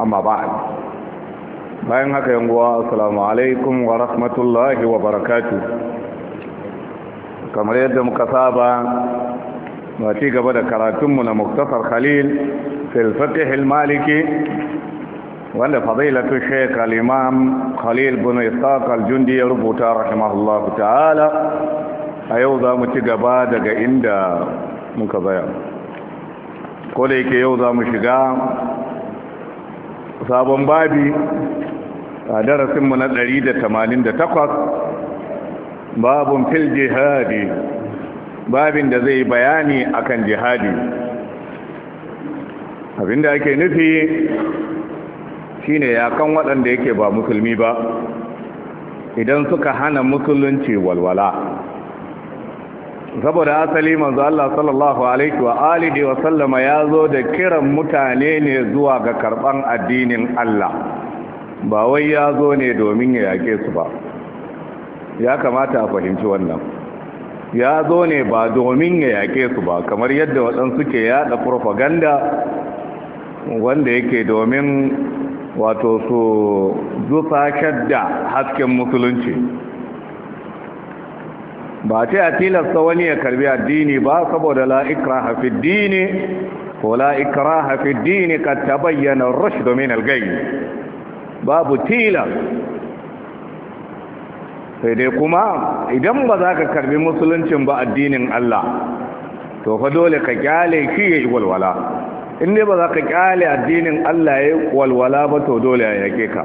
amma ba bayan haka yanguwa assalamu alaikum wa rahmatullahi wa barakatu kamar yadda muka saba ba ci gaba da karatunmu na muktasar khalil filfatihil maliki wanda fadilatu sheik al-imam khalil bin ishaq al-jundi ya rubuta rahimahullahu ta'ala a yau za mu ci gaba daga inda muka zaya ko da yake yau za mu shiga sabon babi a darasinmu na 188 babun fil jihadi babin da zai bayani akan jihadi abinda ake nufi shine kan waɗanda yake ba musulmi ba idan suka hana musulunci walwala saboda asali manzo Allah sallallahu alaihi wa alihi wa sallama ya zo da kiran mutane ne zuwa ga karban addinin Allah ba wai ya zo ne domin ya yake su ba ya kamata a fahimci wannan ya zo ne ba domin ya yake su ba kamar yadda waɗansu ke yada propaganda wanda yake domin wato su zufa shadda hasken musulunci ba ta ya tilasta wani ya karbi addini ba saboda la ikraha fi dini ko la ikraha dini ka tabayyana rushd min al babu tila sai dai kuma idan ba za ka karbi musuluncin ba addinin Allah to fa dole ka kyale shi ya yi walwala in ba za ka kyale addinin Allah ya yi walwala ba to dole ya yake ka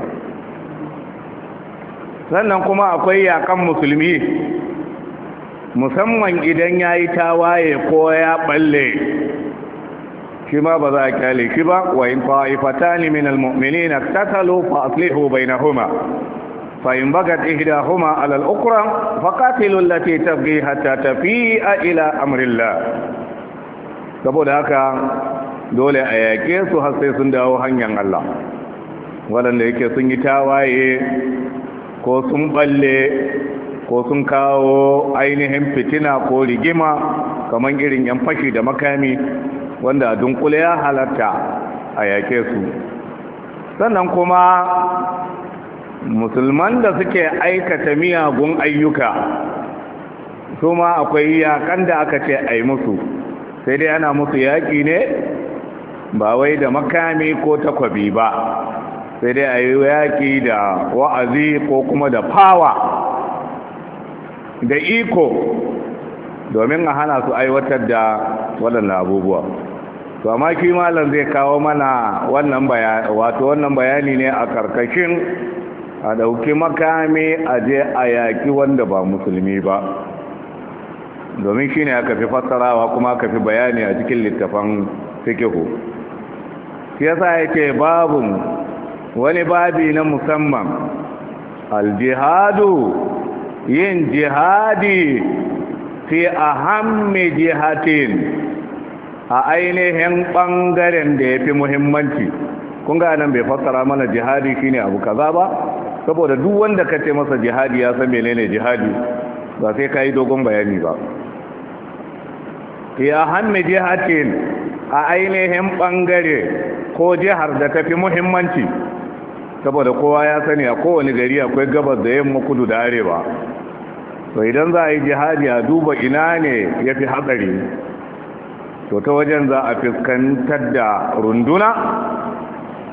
sannan kuma akwai yakan musulmi musamman idan ya yi tawaye ko ya balle shi ma ba za a kyale shi ba wa in fa'ifata ne min almu'mini na tattalo fa aslihu bai na huma fa'in bagat ihda huma alal'ukura faƙatilun lati tafi hatta tafi a ila amurilla saboda haka dole a yaƙe su har sai sun dawo hanyar Allah waɗanda yake sun yi tawaye ko sun balle ko sun kawo ainihin fitina ko rigima kamar irin yan fashi da makami wanda dunkule ya halatta a yake su sannan kuma musulman da suke aikata miyagun ayyuka su ma akwai yakan da aka ce a musu sai dai ana musu yaƙi ne ba wai da makami ko takwabi ba sai dai a yi yaƙi da wa'azi ko kuma da fawa da iko domin a hana su aiwatar da waɗanda abubuwa to amma ki malam zai kawo mana wannan bayani wato wannan bayani ne a karkashin a ɗauki makami a je a yaƙi wanda ba musulmi ba domin shine aka fi fassarawa kuma aka fi bayani a cikin littafan fikihu shi yasa yake babun wani babi na musamman aljihadu yin jihadi fi ahammi jihatin a ainihin ɓangaren da ya fi muhimmanci kun ga nan bai fassara mana jihadi shine abu kaza ba saboda duk wanda ka ce masa jihadi ya san menene jihadi ba sai ka yi dogon bayani ba ya hannu jihatin a ainihin ɓangare ko jihar da ta fi muhimmanci saboda kowa ya sani a kowane gari akwai gabas da yamma kudu da arewa to idan za a yi jihadi a duba ina ne ya fi hatsari to ta wajen za a fuskantar da runduna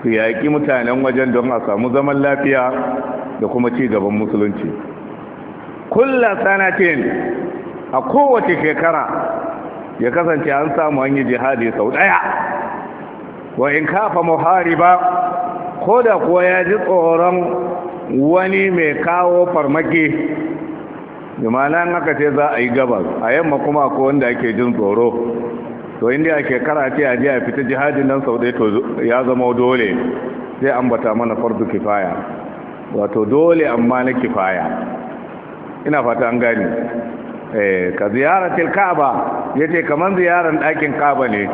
su yaƙi mutanen wajen don a samu zaman lafiya da kuma ci gaban musulunci kulla sanatin a kowace shekara ya kasance an samu an yi jihadi sau ɗaya wa in kafa ba ko da kuwa ya ji tsoron wani mai kawo farmaki jimana in aka ce za a yi gabas a yamma kuma ko wanda ake jin tsoro to inda ake karace a jiya fita jihadin nan sau ɗaya to ya zama dole zai ambata mana fardu kifaya wato dole amma na kifaya ina fata an gani eh, ka ziyaratil ka'aba yace kaman ziyaran ɗakin ka'aba ne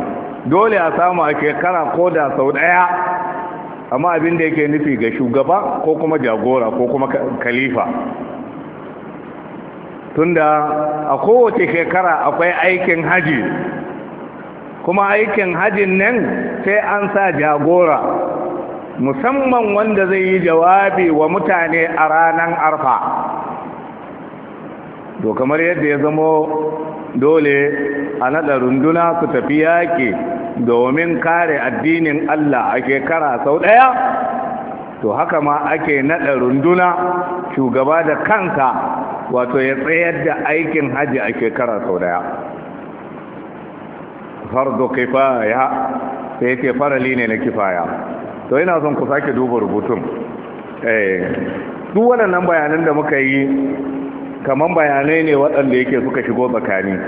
dole a samu a kara ko da sau ɗaya amma abin da yake nufi ga shugaba ko kuma jagora ko kuma khalifa tunda a kowace shekara akwai aikin haji kuma aikin hajin nan sai an sa jagora musamman wanda zai yi jawabi wa mutane a ranar arfa to kamar yadda ya zamo dole a naɗa runduna su tafi yaƙi domin kare addinin Allah a shekara sau ɗaya to haka ma ake naɗa runduna shugaba da kansa wato ya tsayar da aikin haji a shekara sau daya Fardo kifaya sai ke farali ne na kifaya to yana son ku sake duba rubutun eh, duk waɗannan bayanan da muka yi kamar bayanai ne waɗanda yake suka shigo tsakani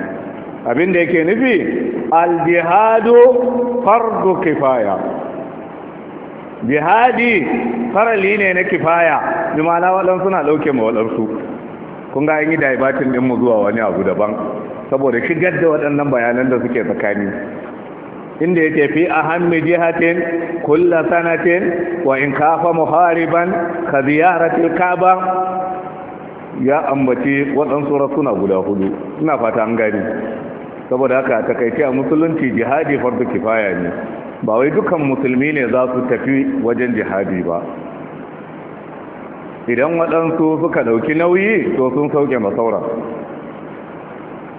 abinda yake nufi aljihadu fardu kifaya jihadi farali ne na kifaya Jumala ma'ana waɗansu na ɗauke ma waɗansu kun ga yi daibatin ɗinmu zuwa wani abu daban saboda shigar da waɗannan bayanan da suke tsakani inda yake fi hannu jihatin kulla sanatin wa in kafa muhariban ka ziyaratil ba. ya ambaci waɗansu rasuna guda hudu ina fata an gani saboda haka takaice a musulunci jihadi farko kifaya ne ba wai dukan musulmi ne za su tafi wajen jihadi ba idan waɗansu suka ɗauki nauyi to sun sauke masaura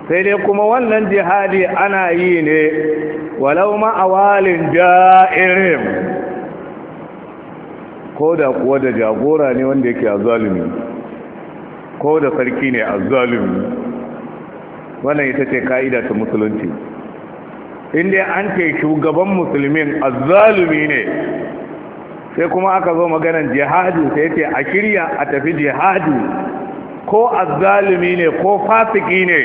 sai dai kuma wannan jihadi ana yi ne walau ma'awalin ja'irin ko da kuwa da jagora ne wanda yake a zalimi ko da sarki ne a zalimi wannan ita ce ka'ida ta musulunci inda an ce shugaban musulmin azzalumi ne sai kuma aka zo maganan jihadu sai ce a shirya a tafi jihadi ko azzalumi ne ko fasiki ne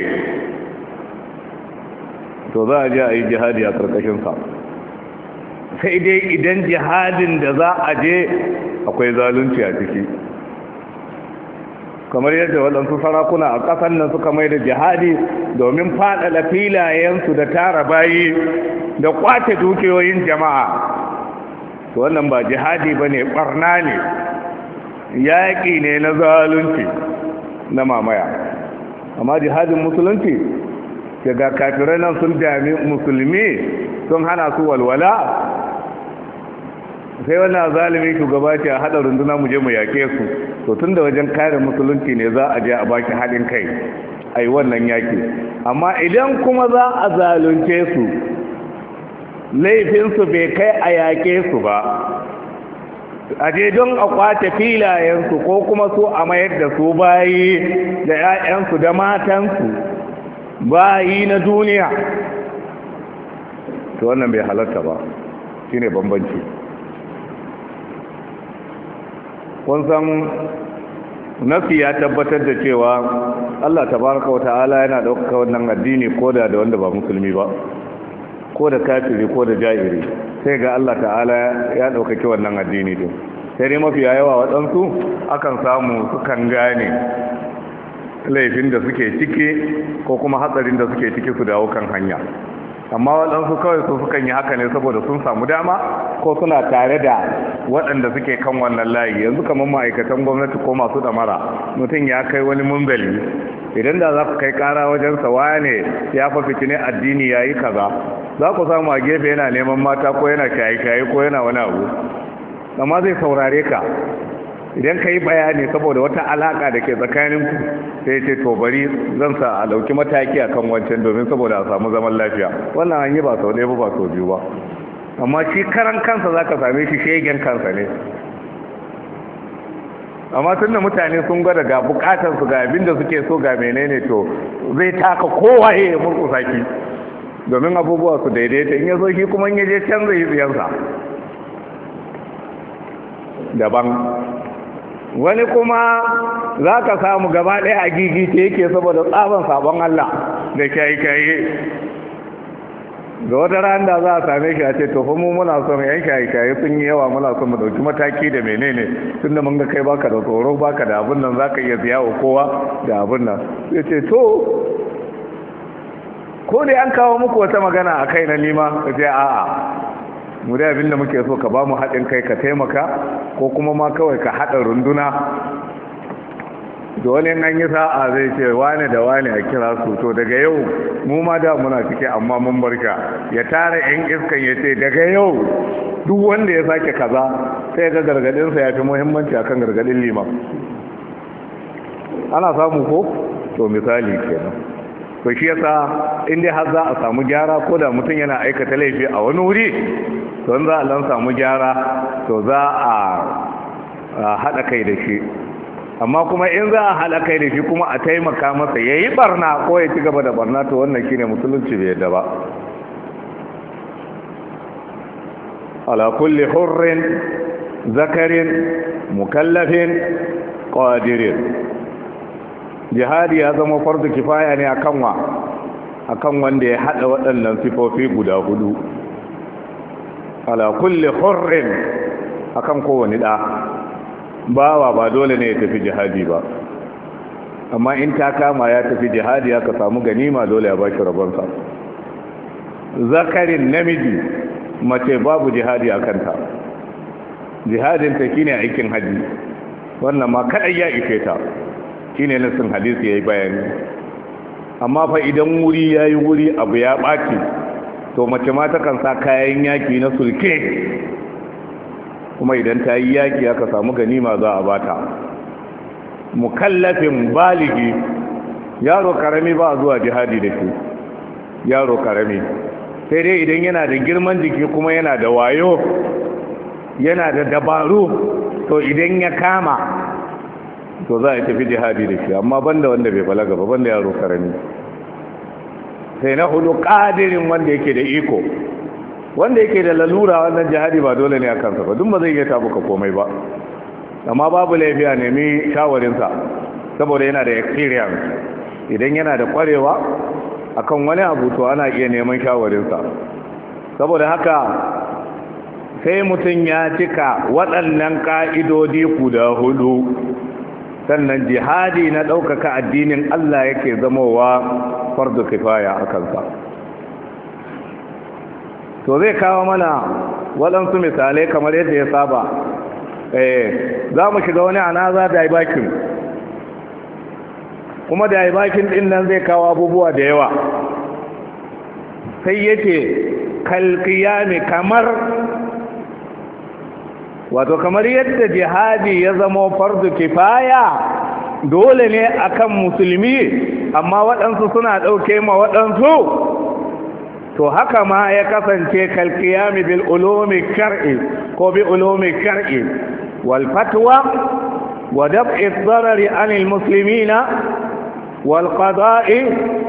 to za a je a yi jihadi a ƙarƙashinsa sai dai idan jihadin da za a je akwai zalunci a ciki kamar yadda waɗansu sarakuna a ƙasar nan suka mai da jihadi domin faɗaɗa filayensu da tara bayi da ƙwace dukiyoyin jama'a wannan ba jihadi ba ne ɓarna ne yaƙi ne na zalunci na mamaya amma jihadin musulunci daga kafirai nan sun dami musulmi sun hana su walwala sai wannan zalimi shugaba ce a haɗa runduna mu je mu yake su to tun da wajen kare musulunci ne za a je a baki haɗin kai a yi wannan yaƙi amma idan kuma za a zalunce su laifinsu bai kai a yaƙe su ba a je don a kwace filayensu ko kuma su a mayar da su bayi da 'ya'yansu da matansu bayi na duniya to wannan bai halarta ba shine bambanci kun san nafi ya tabbatar da cewa Allah tabaraka wa ta'ala yana ɗaukaka wannan addini koda da wanda ba musulmi ba ko da kafiri ko da jahiri sai ga Allah ta'ala ya ɗaukaki wannan addini din sai dai mafi yawa waɗansu akan samu sukan gane laifin da suke ciki ko kuma hatsarin da suke ciki su dawo kan hanya amma waɗansu kawai su sukan yi haka ne saboda sun samu dama ko suna tare da waɗanda suke kan wannan layi yanzu kamar ma'aikatan gwamnati ko masu damara mutum ya kai wani mumbali idan da za ku kai ƙara wajen sawa ne ya fa fitine addini ya yi kaza za ku samu a gefe yana neman mata ko yana shaye-shaye ko yana wani abu amma zai saurare ka idan ka yi bayani saboda wata alaka da ke tsakaninku sai ce to bari zan sa a ɗauki mataki a kan wancan domin saboda a samu zaman lafiya wannan an yi ba sau ɗaya ba sau biyu ba amma shi karan kansa za ka same shi shegen kansa ne amma tun da mutane sun gwada ga bukatar su ga abin da suke so ga menene to zai taka kowa ya murku saki domin abubuwa su daidaita in ya zo shi kuma in ya je canza zai yi tsiyarsa daban wani kuma za ka samu gaba ɗaya a gigi ce yake saboda tsaban sabon Allah da kyayi-kyayi ga wata ran da za a same shi a ce tofa mu muna son yan kyayi-kyayi sun yi yawa muna son mu dauki mataki da menene tun da mun ga kai baka da tsoro baka da abin nan za ka iya siya wa kowa da abin nan ya ce to ko dai an kawo muku wata magana a kai na nima ya ce a'a mu da abin da muke so ka ba haɗin kai ka taimaka ko kuma ma kawai ka haɗa runduna dole an yi sa'a zai ce wane da wane a kira su to daga yau mu ma da muna cike amma mun barka ya tara yan iskan ya ce daga yau duk wanda ya sake kaza sai ga gargadinsa ya fi muhimmanci akan gargadin liman ana samu ko to misali kenan to shi yasa in dai har za a samu gyara ko da mutum yana aikata laifi a wani wuri don za a dan samu gyara to za a haɗa kai da shi amma kuma in za a haɗa kai da shi kuma a taimaka masa ya yi barna ko ya ci gaba da barna to wannan shi ne musulunci bai yadda ba ala kulli hurrin zakarin mukallafin qadirin jihadi ya zama fardu kifaya ne akan wa akan wanda ya haɗa waɗannan sifofi guda hudu ala kulli hurrin akan kowane da bawa ba dole ne ya tafi jihadi ba amma in ta kama ya tafi jihadi aka samu ganima dole ya bashi rabonsa zakarin namiji mace babu jihadi a kanta jihadin ta shine aikin haji wannan ma kadai ya ife ta shine nasin hadisi yayi bayani amma fa idan wuri yayi wuri abu ya ɓaki. to mace ma takan sa kayan yaki na sulke kuma idan ta yi yaki aka samu ganima za a bata mukallafin baligi yaro karami ba zuwa jihadi da shi yaro karami sai dai idan yana da girman jiki kuma yana da wayo yana da dabaru to idan ya kama to za a tafi jihadi da shi amma banda wanda bai balaga ba banda yaro karami sai na hudu kadirin wanda yake da iko wanda yake da lalura wannan jihadi ba dole ne a kansa ba duk ba zai iya tabuka komai ba amma babu laifi a nemi shawarinsa saboda yana da experience idan yana da kwarewa akan wani abu to ana iya neman shawarinsa saboda haka sai mutum ya cika waɗannan ka'idodi guda hudu sannan jihadi na ɗaukaka addinin Allah yake zamowa fardu kifaya a kansa to zai kawo mana waɗansu misalai kamar yadda ya saba eh, za mu shiga wani anaza bakin kuma da bakin ɗin nan zai kawo abubuwa da yawa sai yake ne kamar wato kamar yadda jihadi ya zama fardu kifaya dole ne akan musulmi amma waɗansu suna ɗauke ma waɗansu to haka ma ya kasance kalkiyami bil ulumi kar'i ko bi ulumi kar'i wal fatwa wa dab'i darari anil muslimina wal qada'i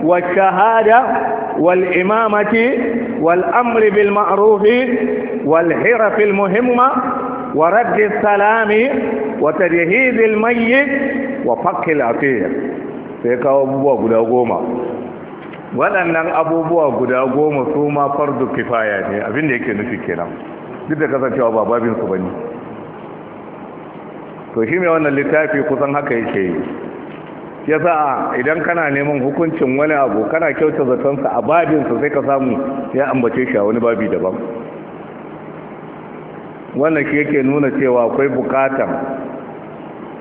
wal shahada wal imamati wal amri bil ma'ruf wal hira fil muhimma ورد السلام وتجهيز الميت وفك العقيق sai kawo abubuwa guda goma waɗannan abubuwa guda goma su ma fardu kifaya ne abinda yake nufi kenan duk da kasancewa ba babinsu ba ne to shi mai wannan littafi kusan haka yake yi ya a idan kana neman hukuncin wani abu kana kyauta zatonsa a babinsa sai ka samu ya ambace shi a wani babi daban wannan shi yake nuna cewa akwai bukatan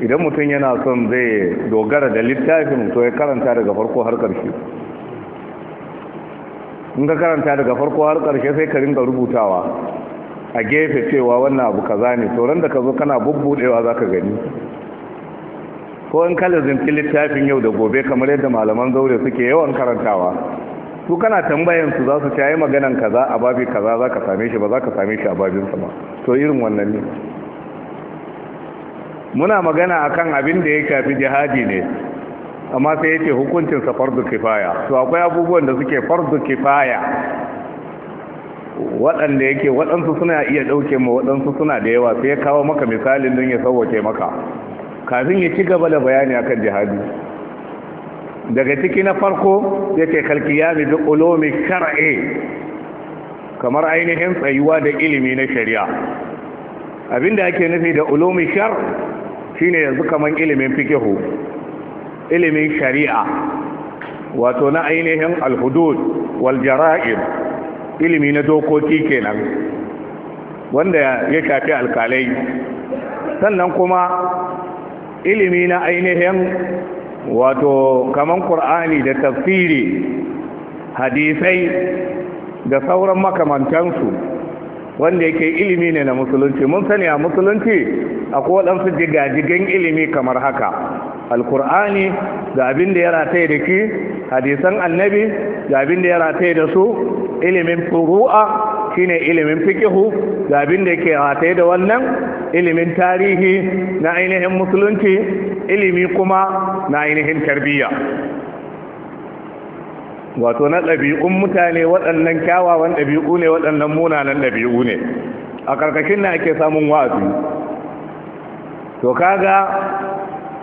idan mutum yana son zai dogara da littafin to ya karanta daga farko har ƙarshe in ka karanta daga farko har ƙarshe sai ka ringa rubutawa a gefe cewa wannan abu kaza ne to da ka zo kana bubbudewa za ka gani ko in ka lazimci littafin yau da gobe kamar yadda malaman zaure suke yawan karantawa su kana tambayan su za su ta yi maganan kaza a babi kaza za ka same shi ba za ka same shi a babinsa ba to irin wannan ne muna magana akan abin da ya shafi jihadi ne amma sai yake hukuncin sa fardu kifaya to akwai abubuwan da suke fardu kifaya waɗanda yake waɗansu suna iya ɗauke mu waɗansu suna da yawa sai ya kawo maka misalin don ya sauwake maka kafin ya ci gaba da bayani akan jihadi daga ciki na farko yake ne da ulomi kar'e kamar ainihin tsayuwa da ilimi na shari'a abinda ake nufi da ulumi shar shine yanzu kaman ilimin fikihu ilimin shari'a wato na ainihin alhudud wal ilimi na dokoki kenan wanda ya shafi alkalai sannan kuma ilimi na ainihin wato kaman qur'ani da tafsiri hadisai da sauran makamantansu wanda yake ilimi ne na musulunci mun sani a musulunci akwai waɗansu jigajigan ilimi kamar haka alkur'ani ga abin da ya rataye da ki hadisan annabi ga abin da ya rataye da su ilimin furu'a shine ilimin fikihu da abin da ke rataye da wannan ilimin tarihi na ainihin musulunci ilimi kuma na ainihin tarbiyya wato na ɗabi'un mutane waɗannan kyawawan ɗabi'u ne waɗannan munanan ɗabi'u ne a ƙarƙashin na ake samun wa'azi to kaga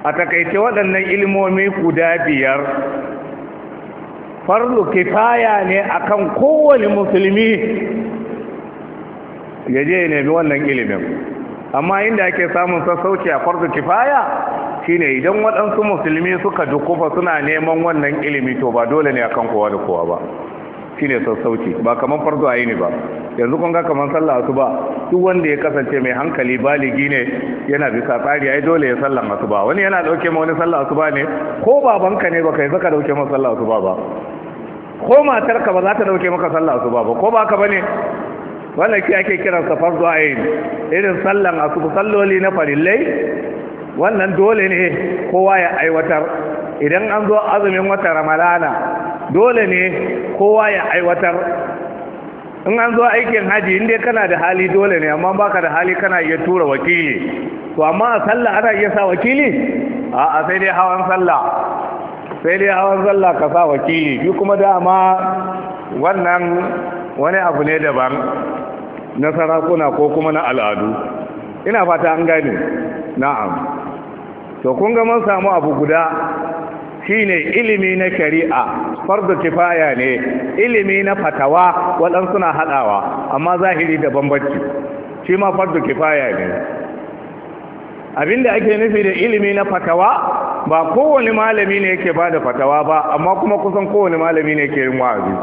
a takaice waɗannan ilmomi guda biyar farlu kifaya ne akan kowane musulmi ya je ya nemi wannan ilimin amma inda ake samun sassauci a farlu kifaya shine idan waɗansu musulmi suka dukufa suna neman wannan ilimi to ba dole ne akan kowa da kowa ba shine sassauci ba kaman fardu ayi ne ba yanzu kun ga kaman sallah asuba duk wanda ya kasance mai hankali baligi ne yana bisa tsari ai dole ya sallan asuba wani yana dauke ma wani sallah asuba ne ko babanka ne baka yi zaka dauke ma sallah asuba ba ko matarka ba za ta dauke maka sallah asuba ba ko baka bane wannan shi ake kiran sa fardu ayin irin sallan asu salloli na farillai wannan dole ne kowa ya aiwatar idan an zo azumin wata ramalana dole ne kowa ya aiwatar in an zo aikin haji inda kana da hali dole ne amma baka da hali kana iya tura wakili to amma a sallah ana iya sa wakili a sai dai hawan sallah sai dai hawan sallah ka sa wakili shi kuma dama wannan wani abu ne daban na sarakuna ko kuma na al'adu ina fata an gane na'am to kun ga mun samu abu guda shine ilimi na shari'a fardu kifaya ne ilimi na fatawa waɗansu suna haɗawa amma zahiri da bambanci shi ma fardu kifaya ne abinda ake nufi da ilimi na fatawa ba kowane malami ne yake ba fatawa ba amma kuma kusan kowane malami ne yake yin wa'azi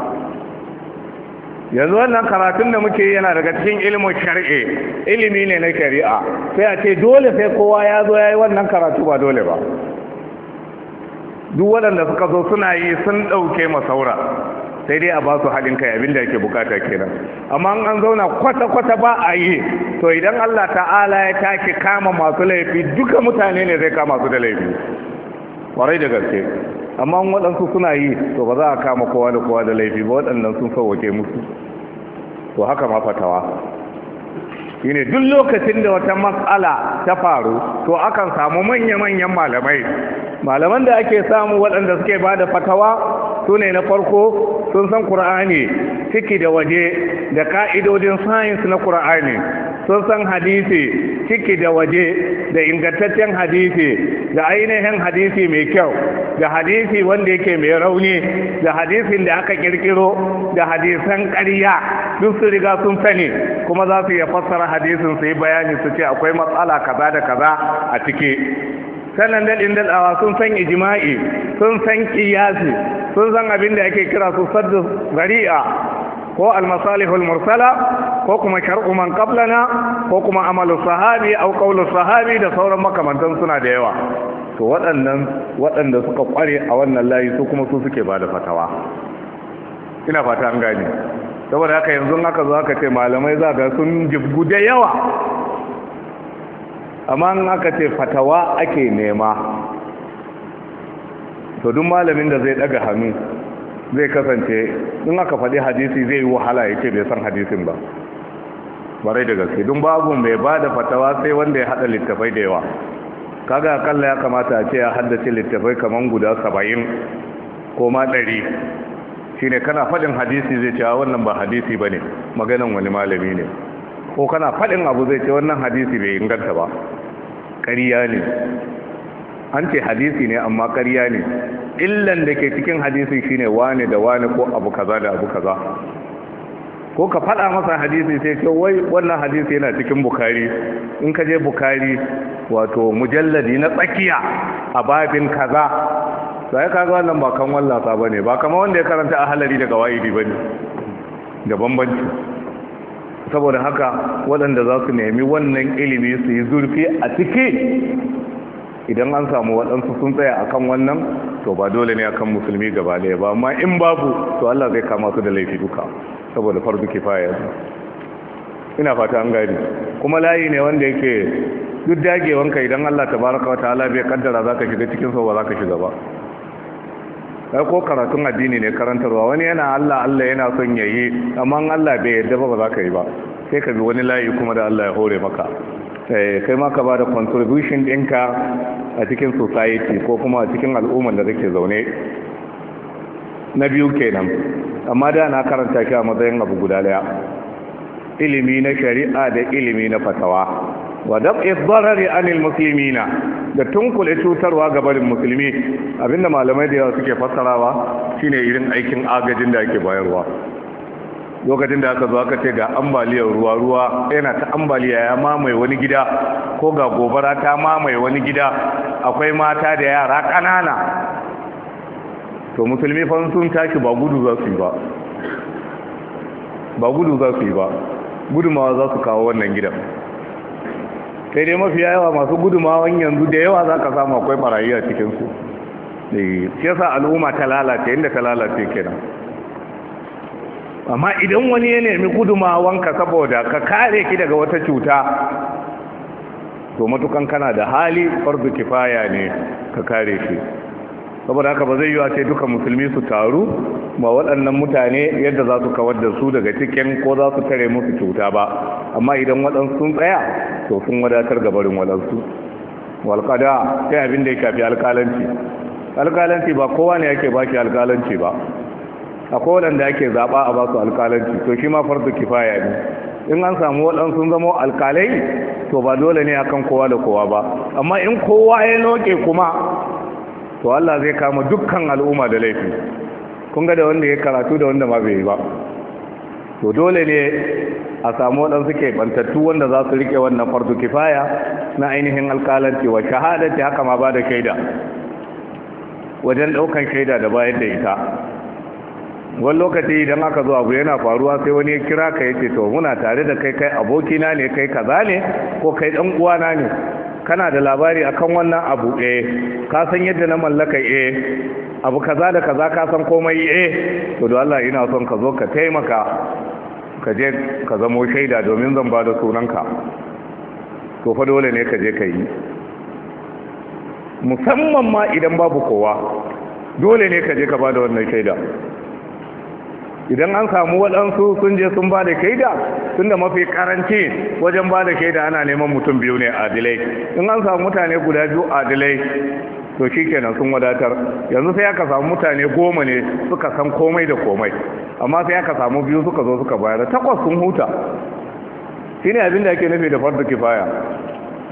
yanzu wannan karatun da muke yana daga cikin ilimin shari'a ilimi ne na shari'a sai a ce dole sai kowa ya zo ya yi wannan karatu ba dole ba duk waɗanda suka zo suna yi sun ɗauke masaura sai dai a ba su haɗin kai abin da ake bukata kenan amma an zauna kwata-kwata ba a yi to idan Allah ta'ala ya take kama masu laifi duka mutane ne zai kama su da laifi kwarai da gaske amma waɗansu suna yi to ba za a kama kowa da kowa da laifi ba waɗannan sun sauwake musu to haka ma fatawa shine duk lokacin da wata matsala ta faru to akan samu manya-manyan malamai malaman da ake samu waɗanda suke ba da fatawa su ne na farko sun san ƙura'ani ciki da waje da ƙa'idodin sayins na ƙura'ani sun san hadisi ciki da waje da ingantaccen hadisi da ainihin hadisi mai kyau da hadisi wanda yake mai rauni da hadisin da aka ƙirƙiro, da hadisan ƙarya duk su riga sun sani kuma za su iya fassara hadisin su yi bayani su ce akwai matsala kaza da kaza a ciki sannan daɗin daɗawa sun san ijima'i sun san kiyasi sun san abin da ake kira su saddu zari'a ko almasalihul mursala ko kuma shar'u man qablana ko kuma amalu sahabi au qawlu sahabi da sauran makamantan suna da yawa to waɗannan waɗanda suka kware a wannan layi su kuma su suke ba da fatawa ina fata an gane saboda haka yanzu haka zo aka ce malamai za ga sun jibgu da yawa amma in aka ce fatawa ake nema to duk malamin da zai daga hannu zai kasance in aka faɗi hadisi zai yi wahala ya ke bai san hadisin ba barai da gaske duk babu mai ba da fatawa sai wanda ya hada littafai da yawa kaga akalla ya kamata a ce ya haddace littafai kamar guda saba'in ko ma ɗari shine kana faɗin hadisi zai ce wannan ba hadisi ba ne maganan wani malami ne ko kana faɗin abu zai ce wannan hadisi bai inganta ba ƙariya ne an ce hadisi ne amma ƙariya ne illan da ke cikin hadisi shine wane da wane ko abu kaza da abu kaza ko ka faɗa masa hadisi sai ce wai wannan hadisi yana cikin bukari in ka je bukari wato mujalladi na tsakiya a babin kaza sai ka ga wannan ba kan wallafa bane ba kamar wanda ya karanta a halari daga wa'idi bane da bambanci saboda haka waɗanda za su nemi wannan ilimi su yi zurfi a ciki idan an samu waɗansu sun tsaya a kan wannan to ba dole ne akan musulmi gaba ɗaya ba amma in babu to Allah zai kama su da laifi duka saboda fardu kifaya ina fata an gani kuma layi ne wanda yake duk dagewanka idan Allah tabaraka wa ta'ala bai kaddara zaka shiga cikin sa ba zaka shiga ba ai ko karatun addini ne karantarwa wani yana Allah Allah yana son ya yi amma Allah bai yarda ba za ka yi ba sai ka bi wani layi kuma da Allah ya hore maka eh, kai ma ka ba da contribution ɗinka a cikin society ko kuma a cikin al'ummar da kake zaune na biyu kenan amma da na karanta shi a matsayin abu guda daya ilimi na shari'a da ilimi na fatawa wa dab'i darari anil na, da tunkule cutarwa ga barin musulmi abinda malamai da yawa suke fassarawa shine irin aikin agajin da ake bayarwa lokacin da aka zo aka ce ga ambaliyar ruwa ruwa yana ta ambaliya ya mamaye wani gida ko ga gobara ta mamaye wani gida akwai mata da yara kanana to musulmi fa sun tashi ba gudu za su yi ba ba gudu za su yi ba gudumawa za su kawo wannan gidan sai dai mafiya yawa masu gudumawan yanzu da yawa za ka samu akwai barayi a cikinsu eh, shi yasa al'umma ta lalace inda ta lalace kenan amma idan wani ya nemi gudumawanka saboda ka kare ki daga wata cuta to matukan kana da hali farzu kifaya ne ka kare shi saboda haka ba zai yi ce duka musulmi su taru ba waɗannan mutane yadda za su kawar da su daga cikin ko za su tare musu cuta ba amma idan waɗansu sun tsaya to sun wadatar ga barin waɗansu walƙada sai abin da ya kafi alƙalanci alƙalanci ba kowa ne yake baki alƙalanci ba akwai da ake zaɓa a ba su alƙalanci to shi ma farzu kifaya ne in an samu waɗansu zama alƙalai to ba dole ne akan kowa da kowa ba amma in kowa ya noke kuma to Allah zai kama dukkan al'umma da laifi kun ga da wanda ya karatu da wanda ma bai yi ba to dole ne a samu waɗansu bantattu wanda za su riƙe wannan fardu kifaya na ainihin alƙalanci wa shahadanci haka ma ba da shaida wajen ɗaukan shaida da bayan da ita wani lokaci idan aka zo abu yana faruwa sai wani ya kira ka ya to muna tare da kai kai abokina ne kai kaza ne ko kai ɗan uwana ne kana da labari akan wannan abu eh ka san yadda na mallaka eh abu kaza da kaza ka san komai eh to da Allah ina son ka zo ka taimaka ka je ka zamo shaida domin zan ba da sunanka to fa dole ne ka je ka yi musamman ma idan babu kowa dole ne ka je ka ba da wannan shaida idan an samu waɗansu sun je sun ba da shaida tun da mafi karanci wajen ba da shaida ana neman mutum biyu ne adilai in an samu mutane guda biyu adilai to shi kenan sun wadatar yanzu sai aka samu mutane goma ne suka san komai da komai amma sai aka samu biyu suka zo suka bayar takwas sun huta shi ne abin da ake nufi da fardu kifaya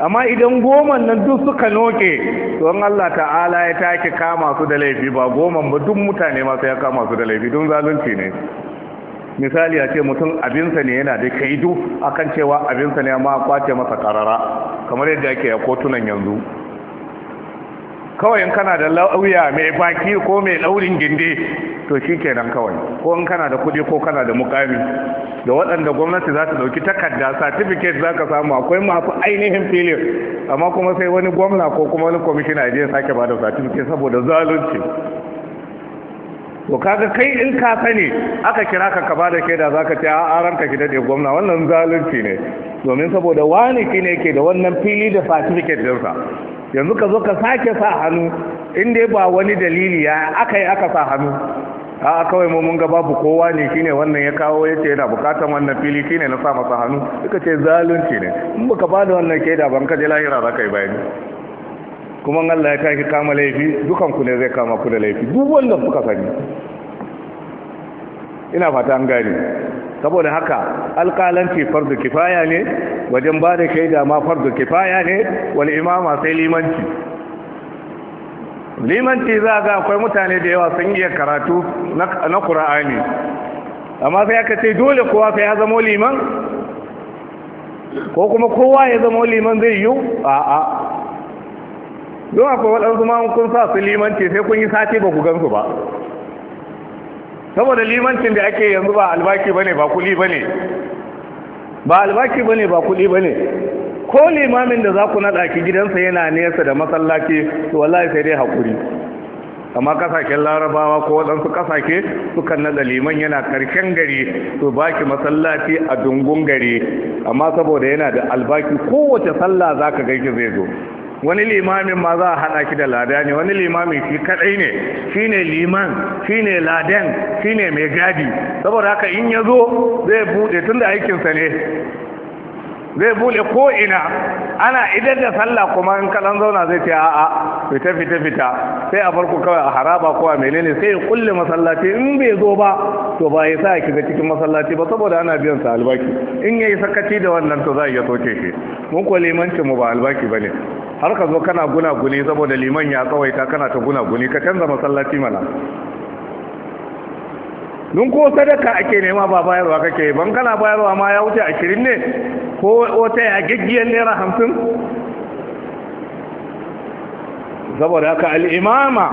amma idan goman nan duk suka noke don Allah ta'ala ya take kama su da laifi ba goman ba duk mutane masu ya kama su da laifi don zalunci ne misali a ce mutum abinsa ne yana da kaidu akan cewa abinsa ne amma kwace masa karara kamar yadda ake a kotunan yanzu kawai in kana da lauya mai baki ko mai laurin ginde to shi kenan kawai ko in kana da kuɗi ko kana da mukami da waɗanda gwamnati za ta ɗauki takarda certificate za ka samu akwai masu ainihin filin amma kuma sai wani gwamna ko kuma wani kwamishina ya je sake ba da certificate saboda zalunci to kaga kai in ka sani aka kira ka ka bada shaida ka ce a ka ki da gwamna wannan zalunci ne domin saboda wani shi ne ke da wannan fili da satifiket ɗinsa. yanzu ka zo ka sake sa hannu in dai ba wani dalili ya aka yi aka sa hannu a kawai mu mun ga babu kowa ne shine wannan ya kawo ya ce yana bukatan wannan fili shine na sa masa hannu suka ce zalunci ne in baka ba da wannan kaida ban ka je lahira za ka yi bayani kuma Allah ya tashi kama laifi dukan ku ne zai kama ku da laifi duk wanda kuka sani ina fata an gane saboda haka alkalanci fardu kifaya ne wajen ba da shaida ma fardu kifaya ne wal imama sai limanci limanci za ga akwai mutane da yawa sun iya karatu na ƙura'ani amma sai aka ce dole kowa sai ya zamo liman ko kuma kowa ya zamo liman zai yi a'a don akwai waɗansu ma kun sa su limanci sai kun yi sati ba ku gansu ba saboda limancin da ake yanzu ba albaki bane ba kuli bane ba albaki bane ba kuli bane ko limamin da za ku naɗa ki gidansa yana nesa da masallaci to wallahi sai dai haƙuri amma kasashen larabawa ko waɗansu kasashe sukan naɗa liman yana karshen gari to baki masallaci a dungun gari amma saboda yana da albaki kowace sallah za ka gaishe zai zo wani limamin ma za a haɗa ki da lada ne wani limamin shi kaɗai ne shi ne liman shi ne ladan shi ne mai gadi saboda haka in ya zo zai buɗe tunda da aikinsa ne zai buɗe ko ina ana idan da sallah kuma in kalan zauna zai ce a'a fita fita fita sai a farko kawai a haraba ko a menene sai ya kulle masallaci in bai zo ba to ba ya sa ki ga cikin masallaci ba saboda ana biyan sa albaki in yayi sakaci da wannan to za ya soke shi mun ko limanci mu ba albaki bane har ka zo kana guna guni saboda liman ya tsawaita kana ta guna guni ka canza masallaci mana don ko sadaka ake nema ba bayarwa kake ban kana bayarwa ma ya wuce 20 ne ko wata ya gaggiyar naira hamsin saboda haka al'imama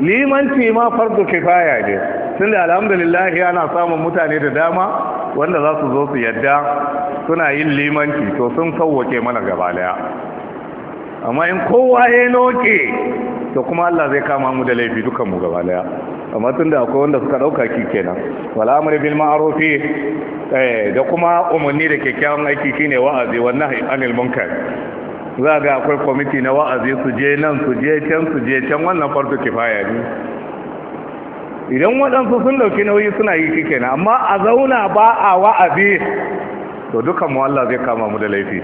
limanci ma fardu kifaya ne tun da alhamdulillah ana samun mutane da dama wanda za su zo su yadda suna yin limanci to sun kawwake mana gaba amma in kowa ya noke to kuma Allah zai kama mu da laifi dukan mu gaba daya amma tunda akwai wanda suka dauka ki kenan wala amri bil ma'ruf eh da kuma umarni da kyakkyawan aiki shine wa'azi wa nahyi anil munkar za ga akwai kwamiti na wa'azi su je nan su je can su je can wannan farko kifaya ne idan waɗansu sun dauki nauyi suna yi kike amma a zauna ba a wa'azi to dukan mu Allah zai kama mu da laifi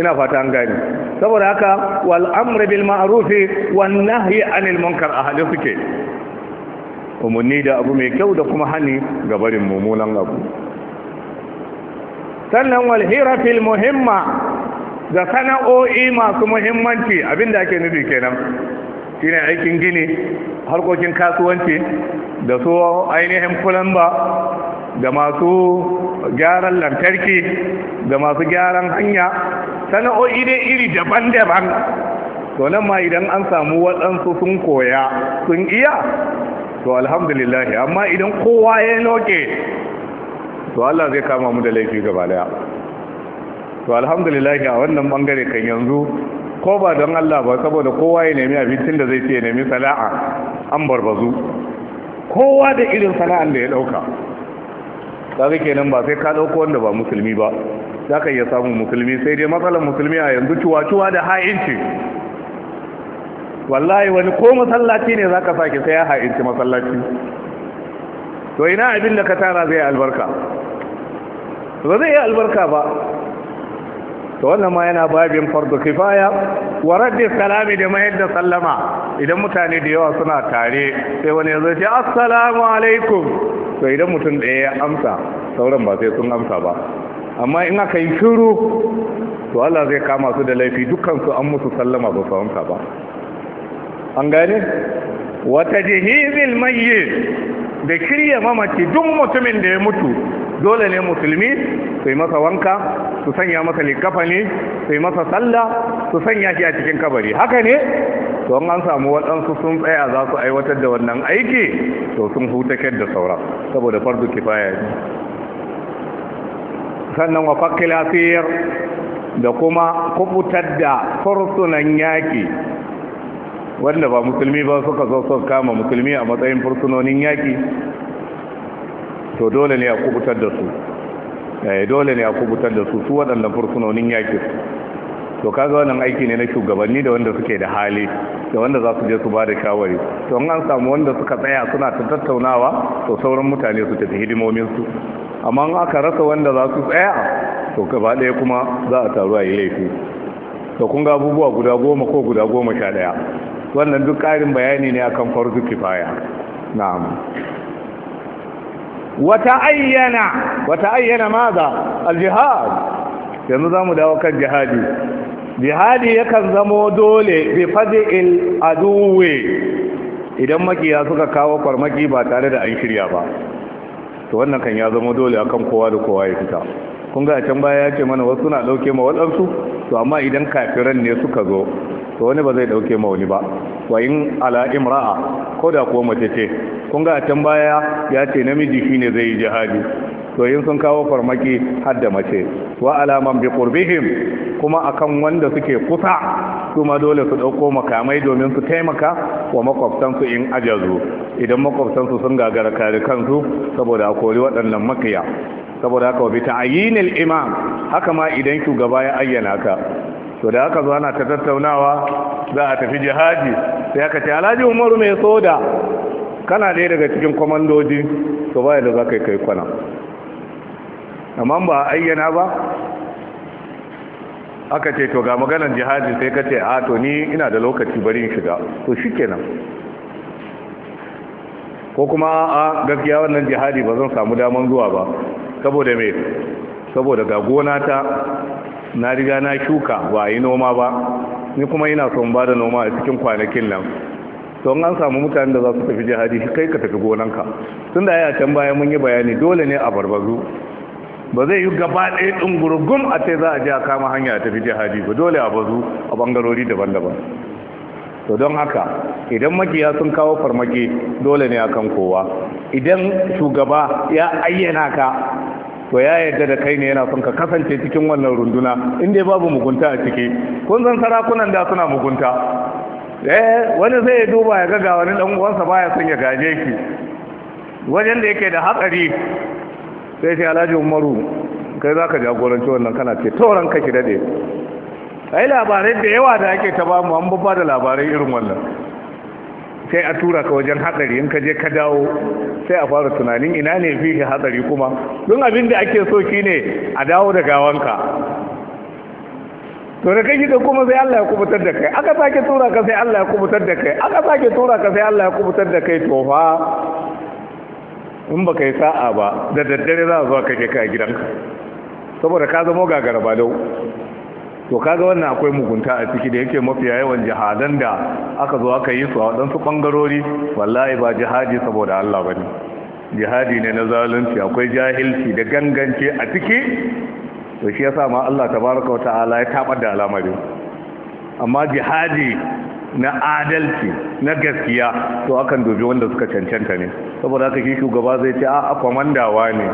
ina fata an gani saboda haka wal amru bil ma'ruf wan nahyi anil munkar ahli suke umunni da abu mai kyau da kuma hani ga barin mummunan abu sannan wal fil muhimma da sana'o'i masu muhimmanci abin abinda ake nufi kenan shine aikin gini harkokin kasuwanci da su ainihin fulamba. da masu gyaran lantarki da masu gyaran hanya sana'o'i dai iri daban-daban to nan ma idan an samu waɗansu sun koya sun iya to alhamdulillah amma idan kowa ya noke to Allah zai kama mu da laifi gaba daya to alhamdulillah a wannan bangare kan yanzu ko ba don Allah ba saboda kowa ya nemi abincin da zai ce ya nemi sana'a an barbazu kowa da irin sana'an da ya ɗauka. kaga kenan ba sai ka dauko wanda ba musulmi ba ka iya samun musulmi sai dai matsalar musulmi a yanzu cuwa-cuwa da ha'inci wallahi wani ko masallaci ne ka sake sai ya ha'inci masallaci to ina abin da ka tara zai albarka ba zai yi albarka ba to wannan ma yana babin fardu kifaya wa raddi salami da mayar da sallama idan mutane da yawa suna tare sai wani ya ce assalamu alaikum to idan mutum ɗaya ya amsa sauran ba sai sun amsa ba amma in aka yi shiru to Allah zai kama su da laifi dukkan su an musu sallama ba su amsa ba an gane wata jihizil mayyit da kirya mamaci duk mutumin da ya mutu dole ne musulmi su yi masa wanka su sanya masa likafani su yi masa sallah su sanya shi a cikin kabari haka ne to an samu waɗansu sun tsaya za su aiwatar da wannan aiki to sun hutakar da sauran saboda fardu kifaya ne sannan wa fakila siyar da kuma kubutar da fursunan yaƙi wanda ba musulmi ba suka zo suka kama musulmi a matsayin fursunonin yaƙi to dole ne a kubutar da su eh, dole ne a kubutar da su su waɗannan fursunonin yaƙi to kaga wannan aiki ne na shugabanni da wanda suke da hali da wanda za su je su ba da shawari to an samu wanda suka tsaya suna ta tattaunawa to sauran mutane su tafi su amma aka rasa wanda za su tsaya to gaba ɗaya kuma za a taru a yi laifi to kun ga abubuwa guda goma ko guda goma sha ɗaya wannan duk ƙarin bayani ne akan farzu kifaya na'am wata'ayyana wata'ayyana maza al-jihad yanzu zamu dawo kan jihadi jihadi yakan zamo dole bi fadil aduwe idan makiya suka kawo farmaki ba tare da an shirya ba to wannan kan ya zama dole akan kowa da kowa ya fita kun ga can baya ya ce mana wasu na dauke ma wadansu to amma idan kafiran ne suka zo to wani ba zai dauke ma wani ba wayin ala imra'a ko da kuwa mace ce kun ga can baya ya ce namiji shine zai yi jihadi to yin sun kawo farmaki har da mace wa alaman bi qurbihim kuma akan wanda suke kusa su dole su dauko makamai domin su taimaka wa makwabtansu in ajazu idan makwabtansu sun gagara kare kansu saboda a kori waɗannan makiya saboda haka wa bi ta'ayinil imam haka ma idan shugaba ya ayyana ka to da aka zo ana ta tattaunawa za a tafi jihadi sai aka ce alhaji umaru mai soda kana ɗaya daga cikin kwamandoji to ba da za ka kai kwana amma ba a ayyana ba aka ce to ga maganar jihadi sai ka ce a to ni ina da lokaci bari in shiga to shi kenan ko kuma a gaskiya wannan jihadi ba zan samu daman zuwa ba saboda me saboda ga gona ta na riga na shuka ba yi noma ba ni kuma ina son ba da noma a cikin kwanakin nan don an samu mutane da za su tafi jihadi kai ka tafi gonanka tun da ya can baya mun yi bayani dole ne a barbazu ba zai yi gaba ɗaya ɗungurugum a ce za a je a kama hanya tafi jihadi ba dole a bazu a ɓangarori daban-daban to don haka idan makiya sun kawo farmaki dole ne a kan kowa idan shugaba ya ayyana ka to ya yarda da kai ne yana son ka kasance cikin wannan runduna inda babu mugunta a ciki kun san sarakunan da suna mugunta eh wani zai ya duba ya ga wani dan uwansa baya son ya gaje ki wajen da yake da hakari sai sai Alhaji Umaru kai zaka jagoranci wannan kana ce tauran ki dade ai labarai da yawa da ake ta bamu an babba da labarai irin wannan sai a tura ka wajen hatsari in ka je ka dawo sai a fara tunanin ina ne fi ka hatsari kuma don abin da ake so ne a dawo da gawanka to da kai da kuma sai Allah ya kubutar da kai aka sake tura ka sai Allah ya kubutar da kai aka sake tura ka sai Allah ya kubutar da kai to fa in ba yi sa'a ba da daddare za a zo ka je ka gidanka saboda ka zama gagara ba dau to kaga wannan akwai mugunta a ciki da yake mafiya yawan jihadan da aka zo aka yi su a wadansu ɓangarori wallahi ba jihadi saboda Allah ba ne jihadi ne na zalunci akwai jahilci da gangance a ciki to shi yasa ma Allah tabaraka wata ya tabar da alamari. amma jihadi na adalci na gaskiya to akan dubi wanda suka cancanta ne saboda haka shi shugaba zai ce a kwamandawa ne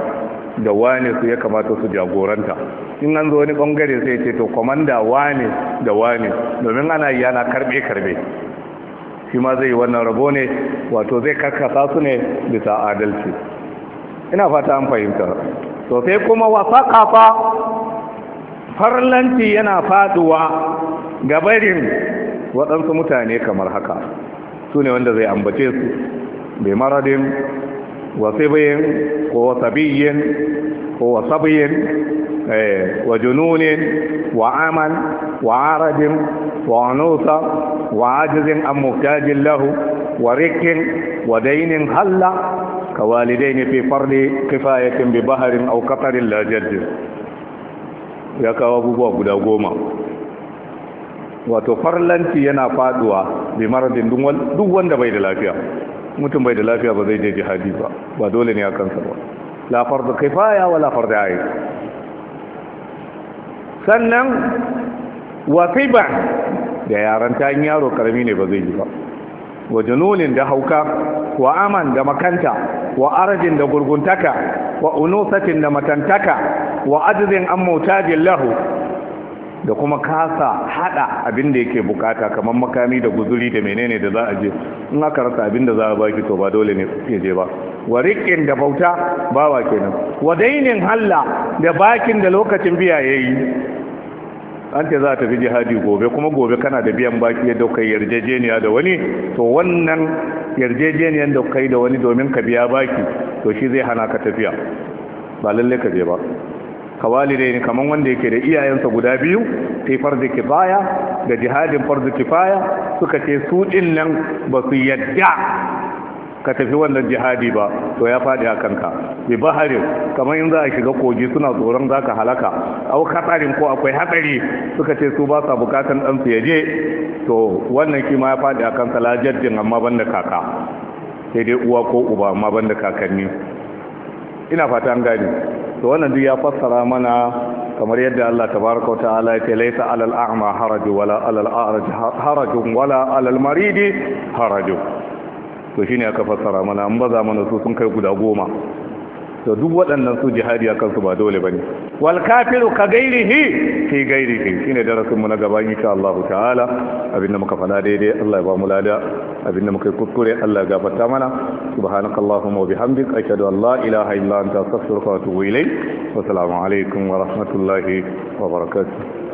da wane su ya kamata su jagoranta in an zo wani bangare sai ce to komanda wane da wane domin ana yi ana karbe-karbe shi ma zai wannan rabo ne wato zai karkasa su ne bisa adalci ina fata an fahimta to sai kuma wasa kafa farlanci yana faduwa gabarin waɗansu mutane kamar haka su ne wanda zai ambace su bai maradin وصبي وصبي وصبي إيه، وجنون وعمل وعرج وعنوصة وعجز عن محتاج له ورك ودين هل كوالدين في فرض كفاية ببهر أو قطر لا جد ya kawo abubuwa guda goma wato farlanci yana faduwa bi maradin duk wanda bai da lafiya mutum bai da lafiya ba zai je jihadi ba ba dole ne a kansa ba la fardu kifaya wa la fardu sannan wa da yaran ta yaro karami ne ba zai yi ba wa jununin da hauka wa aman da makanta wa arjin da gurguntaka wa unusatin da matantaka wa ajzin an mutajin lahu da kuma kasa hada abin da yake bukata kamar makami da guzuri da menene da za a je in aka rasa abin da za a baki to ba dole ne ke je ba wa da bauta bawa kenan wa dainin halla da bakin da lokacin biya yayi an ce za ta fi jihadi gobe kuma gobe kana da biyan baki yadda kai yarjejeniya da wani to wannan yarjejeniyar da kai da wani domin ka biya baki to shi zai hana ka tafiya ba lallai ka je ba kawalidai ne kamar wanda yake da iyayensa guda biyu yi farzi kifaya da jihadin farzi kifaya suka ce su ɗin nan ba su yadda ka tafi wannan jihadi ba to ya faɗi a kanka bi baharin kamar in za a shiga kogi suna tsoron za ka halaka au ko akwai hatsari suka ce su ba sa bukatan ɗan su yaje to wannan kima ya faɗi a kansa lajaddin amma ban da kaka sai dai uwa ko uba amma ban da kakanni ina fata an gani to wannan duk ya fassara mana kamar yadda Allah tabaraka ta'ala ya ce laisa alal a'ma haraju wala alal a'raj harajun wala alal maridi haraju to shine aka fassara mana an baza mana su sun kai guda goma to duk waɗannan su jihadi a kansu ba dole ne. wal kafiru ka gairihi fi gairihi ne darasin mu na gaba insha Allah ta'ala abinda muka fada daidai Allah ya ba mu lada abinda muka kuskure Allah ya gafarta mana subhanakallahumma wa bihamdik ashhadu an la ilaha illa anta astaghfiruka wa atubu ilayk wa assalamu alaikum wa rahmatullahi wa barakatuh